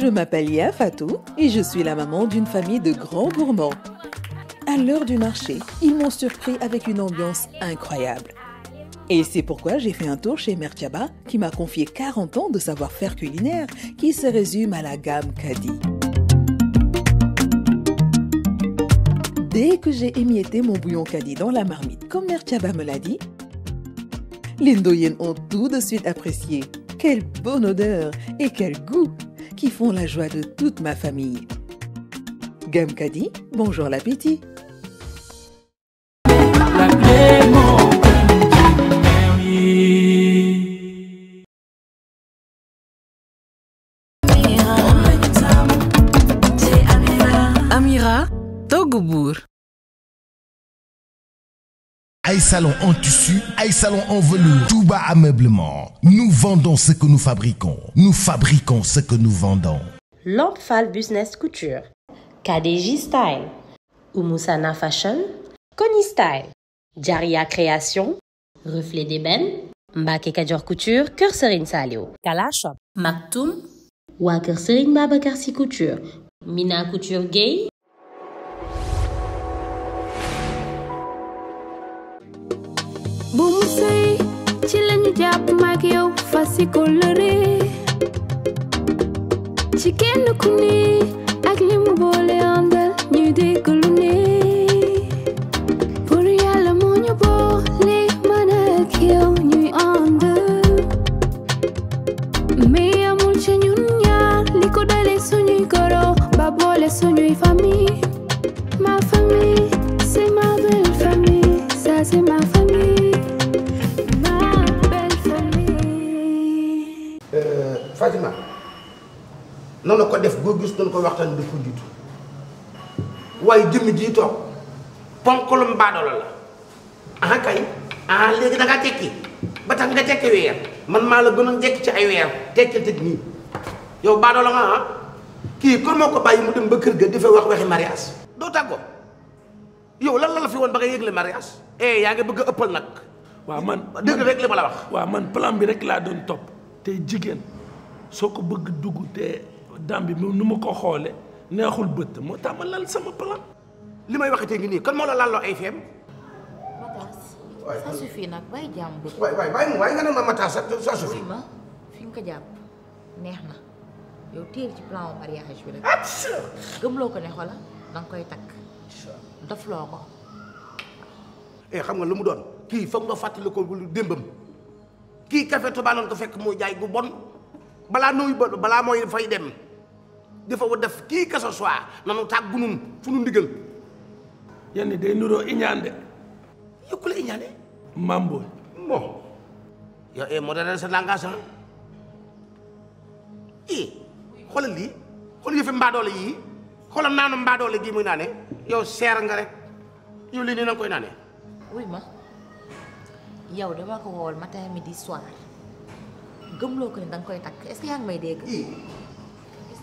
je m'appelle Yafatou et je suis la maman d'une famille de grands gourmands. À l'heure du marché, ils m'ont surpris avec une ambiance incroyable. Et c'est pourquoi j'ai fait un tour chez Mertiaba, qui m'a confié 40 ans de savoir-faire culinaire qui se résume à la gamme Kadi. Dès que j'ai émietté mon bouillon Kadi dans la marmite, comme Mertiaba me l'a dit, les Ndoyen ont tout de suite apprécié. Quelle bonne odeur et quel goût qui font la joie de toute ma famille. Gamkadi, bonjour l'appétit ay salon en tissu ay salon en velours bas Ameublement nous vendons ce que nous fabriquons nous fabriquons ce que nous vendons Lampfal Business Couture KDJ Style Umusana Fashion Kony Style Jaria Création Reflet d'ébène Mbake Kadior Couture Cœur Salio, Salio, Kala Shop Maktoum waa Babakarsi Baba Karsi Couture Mina Couture Gay. bu mu sëy ci lañu jàpp maak yow fasi ko lëre ci kenn ku ak li mu boole àndal ñuy dee doon ko waxtan di ko jiitu waaye jëmm jii toog ponkalum baadoola la ah kay ah legi da nga tekki ba tax nga tekki weer man ma la gënoon tekki ci ay weer tekki tëj ni yow baadoola nga ah kii kon moo ko mu dem ba kër ga dafay wax waxi mariage do taggo yow lan la fi won ba nga yegle mariage eh ya nga bëgg ëppal nak wa man deug rek li la wax. wa man plan bi rek la doon top te jigen soko bëgg dugg te. dam bi nu ma ko xoole neexul bët moo tax ma lal sama plan li may waxatee ngi nii kon moo la lalloo ay feem Matas ça suffit nag bàyyi jàmm bi waay waay bàyyi mu waay nga ne ma fi nga ko jàpp neex na yow téel ci plan mariage bi rek gëmloo ko ne xoola danga koy takk daf loo ko eh xam nga lu mu doon kii foog nga fàttali ko lu démbam kii café Touba lañ ko fekk muy jaay gu bon balaa nuy balaa mooy fay dem dafa wa def kii que ce soit nanu tàggu nun fu nu ndigal yenn day nuroo iñaan de yëkku la iñaane mambo bon yow e eh, modéré sa langage hein ah? eh, i xoolal lii xool yëfi mbaadoole yii xoolal naanu mbaadoole gii muy naane yow seer nga rek yow lii nii nanga koy naane wuy ma yow dama ko wool matin midi soir gëmloo ko ne danga koy takk est yaa ngi may dégg eh,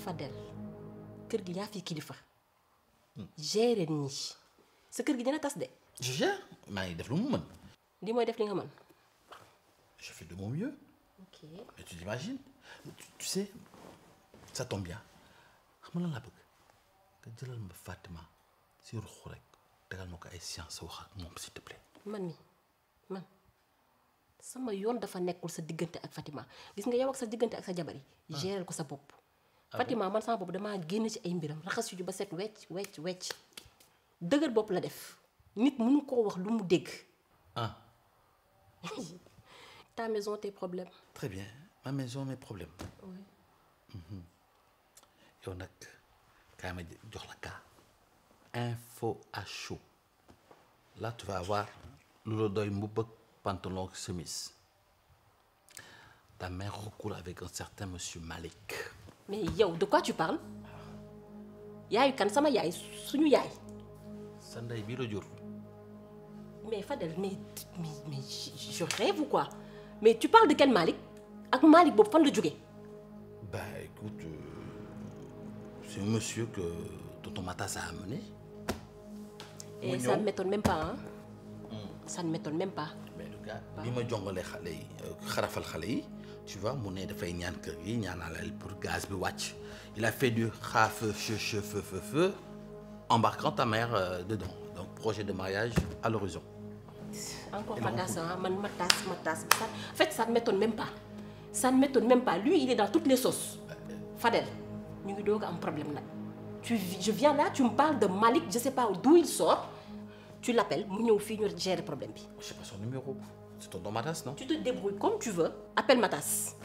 Fadel kër gi yaa fi kilifa. Géré ni. sa kër gi dina tas de. je gère maa def lu mu mën. Li moy def li nga mën. je fais de mon mieux. ok mais tu t'imagines tu sais ça tombe bien xam la lan bëgg nga jëlal ma Fatima si ruux rek tegal mako ay science wax ak mom s'il te plaît. man mi man sama yoon dafa nekkul sa diggante ak Fatima gis nga yow ak sa diggante ak sa jabar yi. Ah. gérer ko sa bop. Ah Fatima man sama bopp dama génn ci ay mbiram raxas yu ba set wecc wecc wecc dëgër bopp la def nit mënu ko wax lu mu dégg. ah. ta maison tes problèmes. très bien ma maison mes problèmes. oui. Mhm. yow nak quand même jox la ka info à chaud là tu vas avoir lu la doy mbubb pantalon ak chemise ta mère recoule avec un certain monsieur Malik mais yo, de quoi tu parles eu quand ça m'a suñu yaay. sa jour. mais Fadel mais mais je rêve ou quoi mais tu parles de quel Malik ak Malik pour fan le jógee. bah écoute euh, c'est un monsieur que tonton Matas a amené. et eh, ça ne m'étonne même pas hein. hmm. ça ne m'étonne même pas. mais le gars bi ma jongalee xale yi euh, xarafal tu vois mon aide fait une kër une ñaanalal pour gaz bi watch il a fait du xa feu feu feu feu feu embarquant ta mère euh, dedans donc projet de mariage à l'horizon encore fangaas hein, man ma tasse, ma tasse, en fait ça ne m'étonne même pas ça ne m'étonne même pas lui il est dans toutes les sauces Fadel ñu ngi doog am problème là. tu je viens là tu me parles de Malik, je sais pas d'où il sort tu l'appelles mu ñeu fi ñu gérer problème bi je sais pas son numéro c'est Matas, non Tu te débrouilles comme tu veux. Appelle Matas.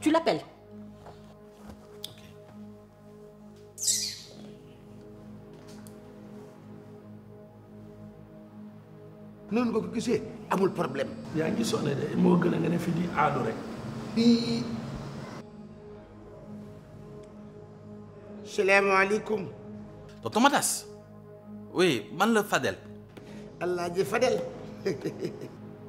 Tu l'appelles. Ok. Nous nous problème. y ngi sonné Nous nga ne fi di Nous rek. Matas. oui man Fadel.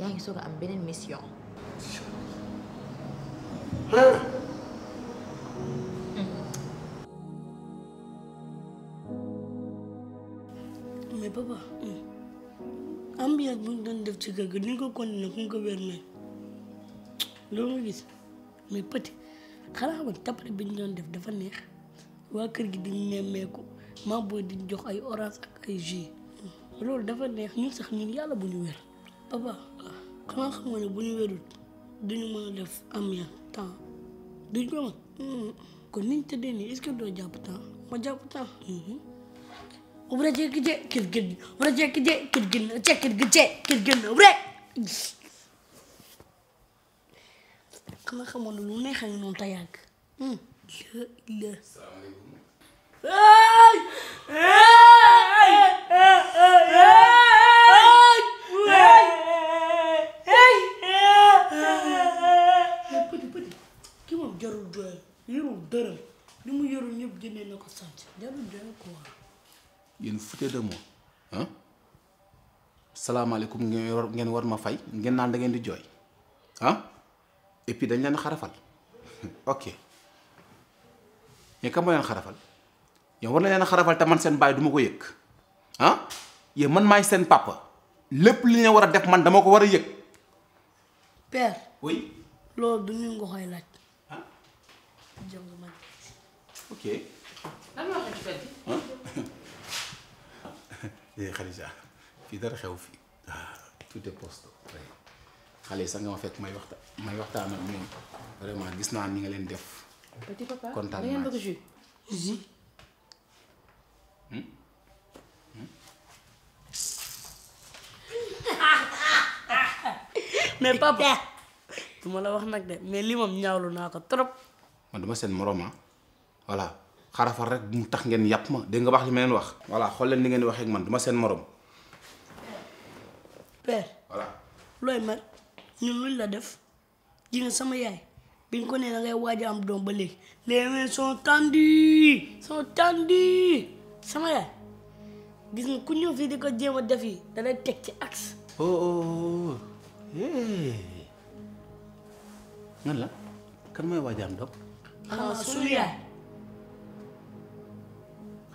yaa ngi soog a am beneen mission. mais papa. Hmm. ambiance bu def ci kër gi ko continué ku ñu ko wér nañ loolu nga gis mais petit xanaa man tapare bi ñu doon def dafa neex waa kër gi di nemmeeku maa booy di jox ay orange ak ay jus loolu dafa neex ñun sax ñun yàlla bu ñu wér. papa comment ça ne bu ñu de duñu mën a def am ya temps duñ ko mën kon niñ tëddee nii est ce que doo jàpp temps ma jàpp temps ubra jekki je kit gën ubra jekki je kit gën je kit gën je kit gën ubra xanaa xamoo ne lu neex a ngi noonu te yàgg hmm. salaamaaleykum yéen foutez de ah salaamaaleykum ngeen war ma fay ngeen naan dangeen di jooy ah et dañ leen xarafal ok yéen kam ma leen xarafal yow war na leen xarafal te man seen baay duma ko yëg ah yéen man may seen papa lépp li ñu war a def man dama ko war a yëg. du ñu nga koy laaj. xalisa eh, fii dara xew ah, tout est poste xale nga ma may waxta may waxtaan ak ñoom vraiment gis naa ni nga def. petit papa kontaan naa bëgg jus. jus. mais papa tu m'as la wax nag de mais li moom trop. man dama seen morom ah. voilà xarafal rek mu tax ngeen yap ma de nga wax li meen wax wala xol leen ni ngeen wax ak man duma sen morom. père wala loy mer ñu lu la def ji nga sama yaay biñ ko ne la ngay waji am dom ba leg les mains sont tendues sont tendues sama yaay gis nga ku ñu fi diko jema def yi da lay tek ci axe. oh oh, oh, oh. ngan la kan moy waji am dom ah suriya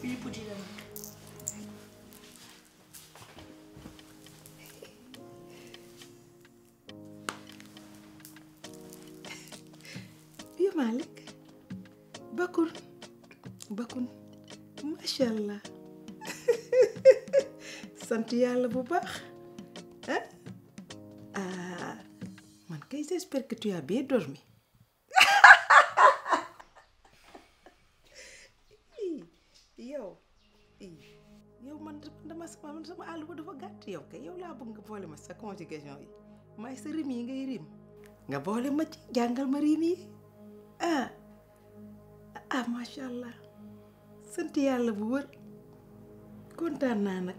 Will you put it on? Malik yàlla bu baax ah man kay j'espère que tu as bien dormi boole ma sa conjugation yi may sa rim yi ngay rim nga boole ma ci jàngal ma rim yi ah ah macha allah sënt yàlla bu wër kontaan naa nag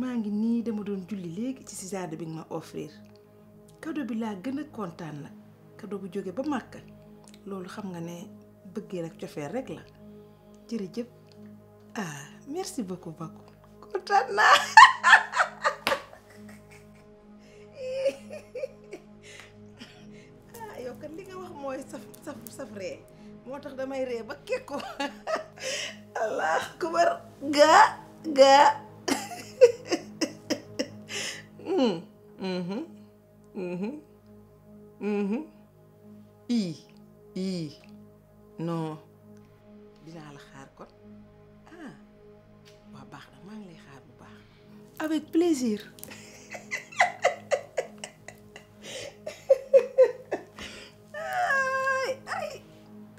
maa ngi nii dama doon julli léegi ci sisaada bi nga ma offrir kado bi laa gën a kontaan nag kado bu jóge ba màkk loolu xam nga ne bëggee ak cofeer rek la jërëjëf ah merci beaucoup beaucoup kontaan naa saf moo tax damay ree ba kekku allah kubar gaa gaa mm, mm-hmm, mm-hmm, mm-hmm. ii ii non dinaa la xaar kon ah, waa baax na maa ngi lay xaar bu baax avec plaisir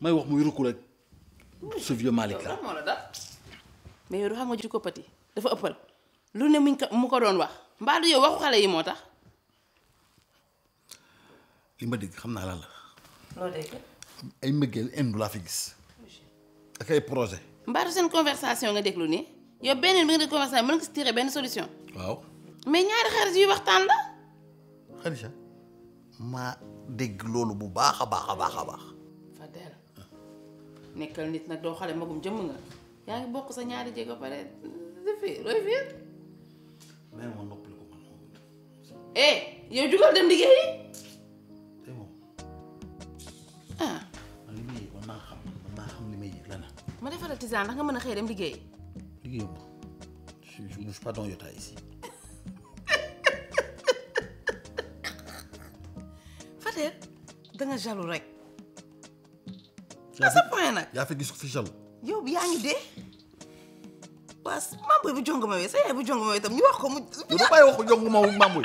may wax muy rukk rek ce vieux Malick yow du xam nga jikko pati dafa ëppal lu ne muñ ko mu ko doon wax mbaa du yow waxu xale yi moo tax li ma dégg xam naa la la loo dégg ay mbëggeel indu laa fi gis ak ay projet mbaa du seen conversation nga déglu nii yow benn bi nga dégg conversation mën nga si tiré benn solution waaw mais ñaari xarit yuy waxtaan la maa dégg loolu bu baax a baax a baax a baax nekkal nit nag doo xale magum jëmm nga yaa ngi bokk sa ñaari jéego pare defi looy fiir mais ma noppal ko man moom eh ah. defaral tisane ndax nga mën a xëy dem liggéeyi liggéeyam je bouge pas dans rek la sa point nag fi gis fi jaloux yow yaa ngi dee waa mamboy bu jongoma wee sa yaay bu jongoma wee tam ñu wax ko mu. ko jongoma wu mamboy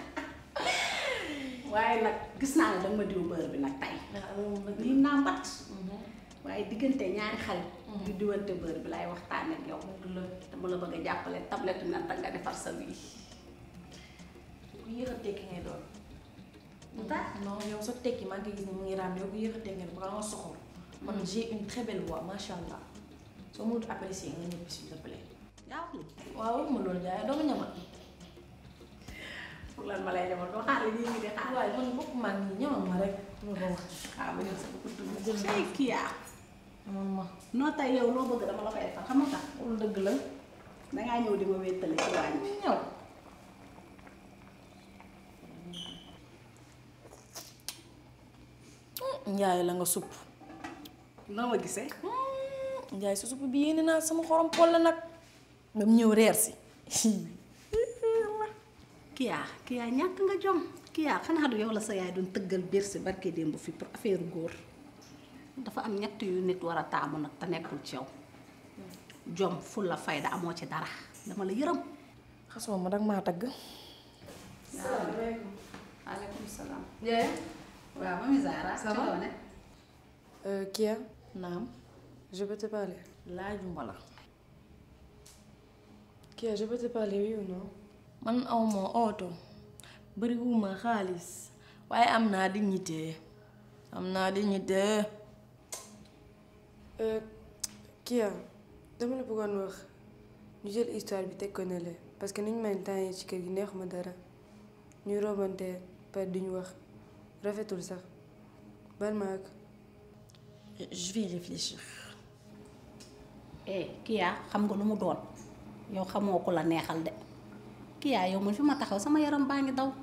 waye nak gis na la danga ma diw beur bi nak tay ni nambat mhm. waye digeunte ñaari xal mhm. di diwante beur bi laay waxtaan ak yow dama la bëgg jappalé tablette nan ta nga defar sa wi ku yéex a ngay doon lu tax non yow so tekki ma ngi gis ni mu ngi ram yow ku yéex a tekki nga nga soxor man hmm. j'ai une très belle voix ma sha allah soo mënut apprécier nga ñëpp s'il te plaît waaw mu loolu jaay do nga ñama pour lan jamur lay demal doo xaar li ñuy di xaar. waaye man bopp maa ngi ñëwal ma rek. mu ko wax waaw tay di ma wéttale ci waañ bi ñëw. Njaay la nga supp. noo ma gisee. Njaay sa supp bi si kiya kiya ñàkk nga jom kiya xanaa hadu yow la sa yaay doon tëggal biir si barke dembu fi pour affaire góor dafa am ñett yu nit wara a taamu nag te nekkul ci yow jom ful la fayda amo ci dara dama la yërëm xasuma ma dag ma tagg Assalamualaikum. Waalaikumsalam. Ya. ya. Wa, mami Zara ça va euh Kia, naam je peux te parler laajuma la kiya je peux te parler oui ou non man awma oto bariwuma xaalis waaye am naa dignité am naa dignité euh, Kia dama la bëggoon wax ñu jël histoire bi teg ko ne la parce que ni ñu may tàngee ci kër gi neexuma dara ñuy robante par duñu wax rafetul sax bal je vais réfléchir eh, Kia xam nga lu mu doon yow xamoo ko la neexal de Kiai, yow mun fi ma taxaw sama yaram baa daw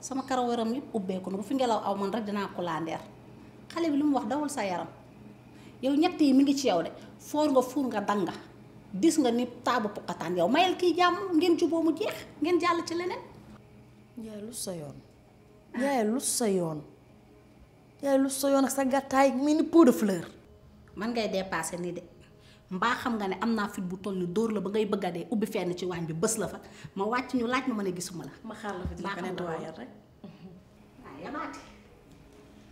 sama karaw yaram yep ubbe ko bu fi ngelaw aw man rek dana ko landeer xale bi lu mu wax dawul sa yaram yow ñett yi mi ngi ci yow de for nga kan nga danga dis nga ni taabu pokataan yow mayal ki jam ngeen bo mu jeex ngeen jall ci lenen ya lu sa yoon ya lu sa yoon ya lu sa yoon ak sa gataay mel ni de fleur man ngay dépasser ni de mba xam nga ne am naa fit bu toll ni dóor la ba ngay bëgg a dee ubbi fenn ci waañ bi bës la fa ma wàcc ñu laaj ma ma ne gisuma la. ma xaar la fa ci beneen waaye rek. waaw yabaate.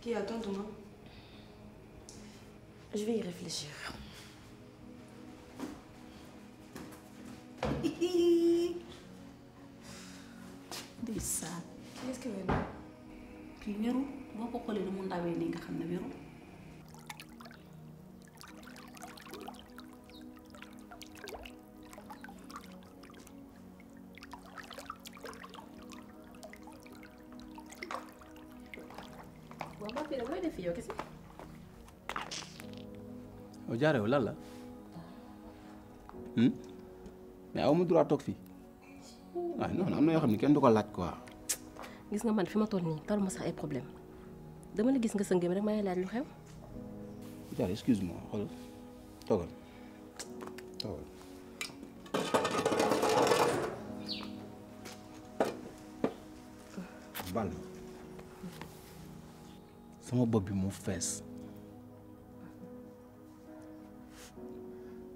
kii yaa tontu ma. je vais y réfléchir. ndeysaan. kii est-ce que wér na. kii wéru boo ko xoolee ni mu ndawee nii nga xam ne wéru. yow kese. yow jaareew lan la. mais aw ma droit toog fii. waaw non am na yoo xam ne kenn du ko laaj quoi. gis nga man fi ma toll nii taluma sax ay problème dama la gis nga sa ngëm rek may laaj lu xew. jaare excuse moi xool toogal toogal. sama bopp bi mu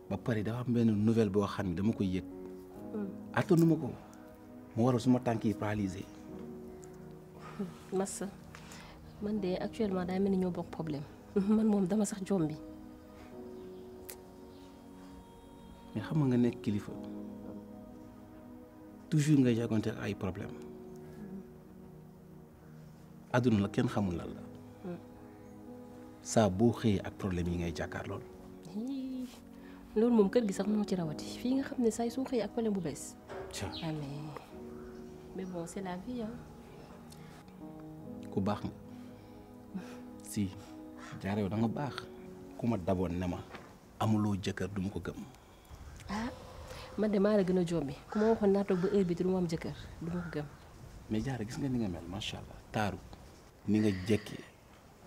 ba pare dafa am ben nouvelle bo xamni dama koy yëg mm. attanu ma ko mu waral suma tanki paralysé massa man de actuellement da mel ñoo bok problème man mom dama sax jom bi mais xam nga nek nekk kilifa toujours nga jànkuwante ay problème àdduna la kenn xamul lan la saa boo xëyee ak problème yi ngay jàkkaar lool loolu moom kër gi sax moo ci rawati fii nga xam ne saay soo xëyee ak problème bu bees amee mais bon c'est la vie hein ku baax nga si jaarew da nga baax ku ma daboon ne ma amuloo jëkkër duma ko gëm ah de maa gën a jombi ku ma waxoon naa am jëkkër duma mais jaare gis nga ni nga mel macha allah taaru ni nga jekkee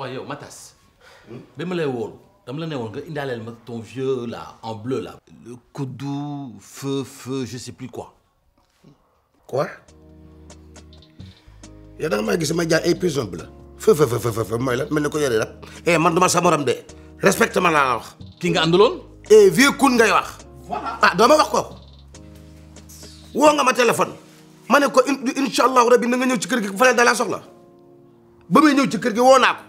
waaw yow Matas. Hmm? bi ben, ma lay woon dama la ne woon nga ma ton vieux là en bleu là. le Kodou feu feu je sais plus quoi. quoi. yow da nga maa gis ma jaar ay prison bi la. feu feu feu feu feu, mooy la mel ni ko yore la. eh man duma sa morom de respecte ma laa wax. ki nga àndaloon. eh vieux kun ngay wax. voilà ah doo ma wax ko. woo nga ma téléphone. ma ne ko incha allahu rabi na nga ñëw ci kër gi bu fa la dalaa soxla. ba muy ñëw ci kër gi woo naa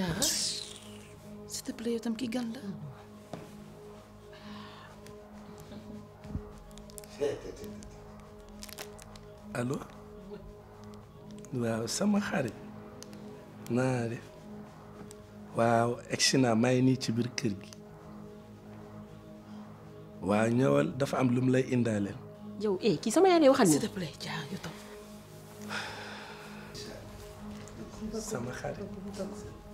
Yes. S'il te plaît, tu qui gagne là. الو waaw sama xarit naa def waaw egsi naa maa ngi nii ci biir ñëwal dafa am lu lay indaaleel yow eh kii sama yaay lay waxal s'il te plaît jaa yu toog sama xarit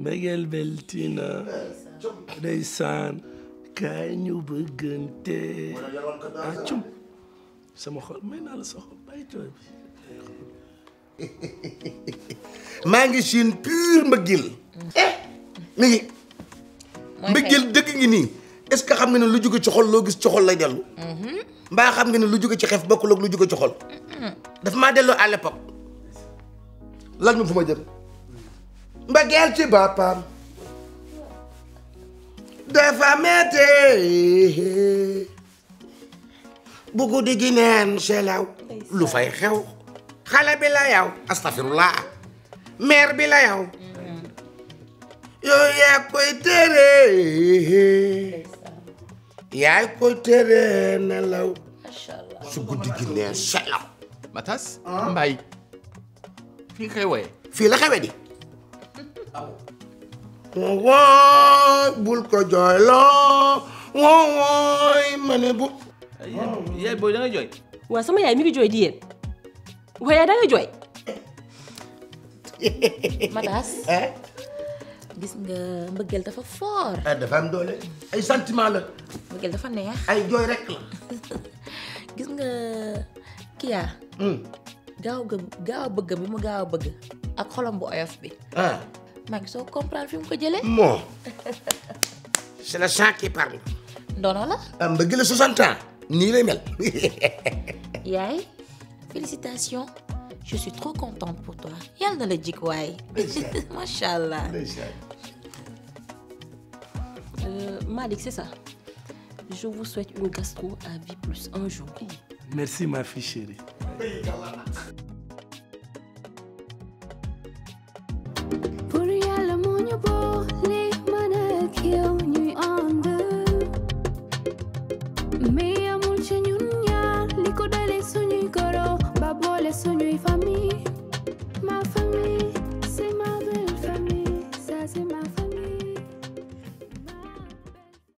mbëggeel beltina ndeysaan kaay ñu bëggante ah, sama xol may maa ngi siin pur mbëggeel eh ngi mbëggeel dëgg ngi nii est-ce que xam nga ne lu jóge ci xol loo gis ci xol lay dellu mm-hmm. mbaa xam nga ne lu jóge ci xef bokkul ak lu jóge ci xol daf maa delloo à l'époque lan ñu fu ma jëm mbëggeel ci boppam dafa metti bu guddi gi neen selaw lu fay xew xale bi la yow astafirullah mère bi la yow yooyu yaa koy tere yaay koy tere nelaw su guddi gi neen selaw matas ah. mbaay fii xewe fii la xewe di Wawai bulka jala wawai mana bu Iya, iya boy danga joy Wah sama ya migi joy diye Wa ya danga joy Madas. Eh gis nga mbëggeel dafa fort ah dafa am doole ay sentiment la mbëggeel dafa neex ay jooy rek la gis nga Gak gaaw gak gaaw bëgg bi mu gaaw bëgg ak xolam bu oyof bi ah maa ngi soo comprendre fi mu ko jëlee. c'est le sang qui parle. ndono là ah mbëgg la 60 ans. Ni lay mel. yaay félicitations je suis trop contente pour toi yàlla na la jik waay. macha allah macha allah. c'est ça. Je vous souhaite une gastro à vie plus un jour. Merci ma fille chérie.